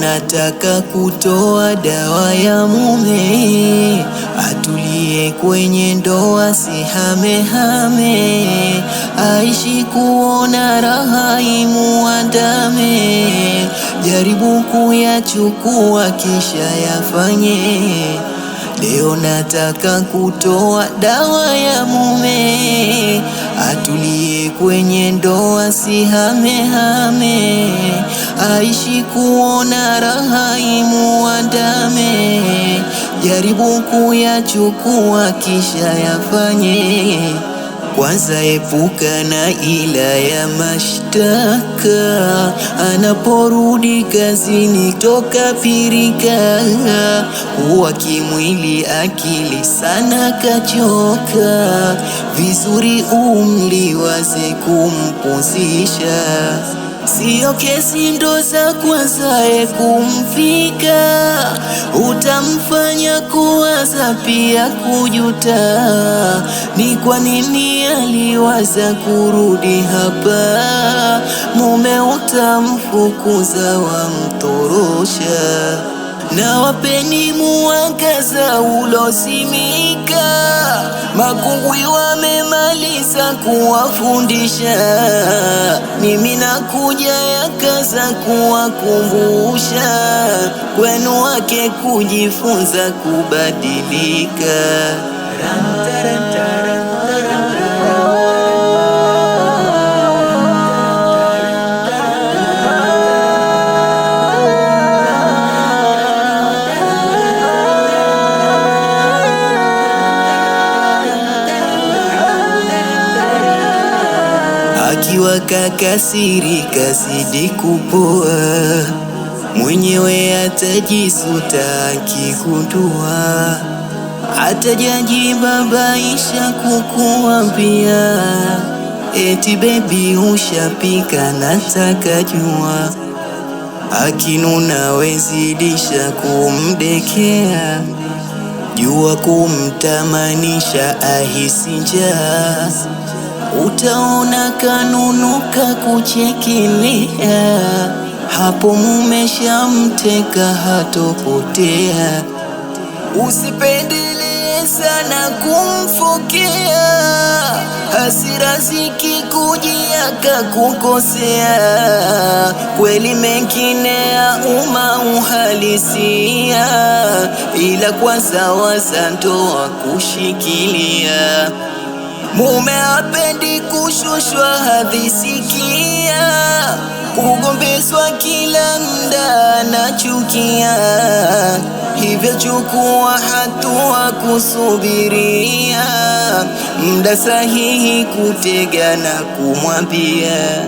Nataka kutoa dawa ya mume atulie kwenye ndoa, sihamehame aishi kuona raha imuandame, jaribu kuyachukua kisha yafanye. Leo nataka kutoa dawa ya mume, atulie kwenye ndoa, sihamehame, aishi kuona raha imuandame, jaribu kuyachukua kisha yafanye. Kwanza epuka na ila ya mashtaka, anaporudi kazini toka pirika. Huwa kimwili akili sana kachoka, vizuri umliwaze kumpuzisha Sio kesi ndo za kwanza kumfika Kamfanya kuwaza pia kujuta, ni kwa nini aliwaza kurudi hapa? Mume utamfukuza wamtorosha na wapeni mwangaza ulosimika. Makungwi wamemaliza kuwafundisha, mimi nakuja yakaza kuwakumbusha, kwenu wake kujifunza kubadilika. akiwa kakasiri zidi kupoa, mwenyewe atajisuta akikudua, atajajibabaisha kukuambia eti bebi ushapika, nataka jua. Akinuna wezidisha kumdekea jua, kumtamanisha ahisi njaa utaona kanunuka kuchekelea, hapo mumeshamteka hatopotea. Usipendelee sana kumfokea, hasira zikikujia kakukosea, kweli mengine ya umma uhalisia, ila kwa kwanza waza ndoa kushikilia Mume apendi kushushwa hadhi, sikia, kugombezwa kila mda anachukia, hivyo chukua hatua kusubiria mda sahihi, kutega na kumwambia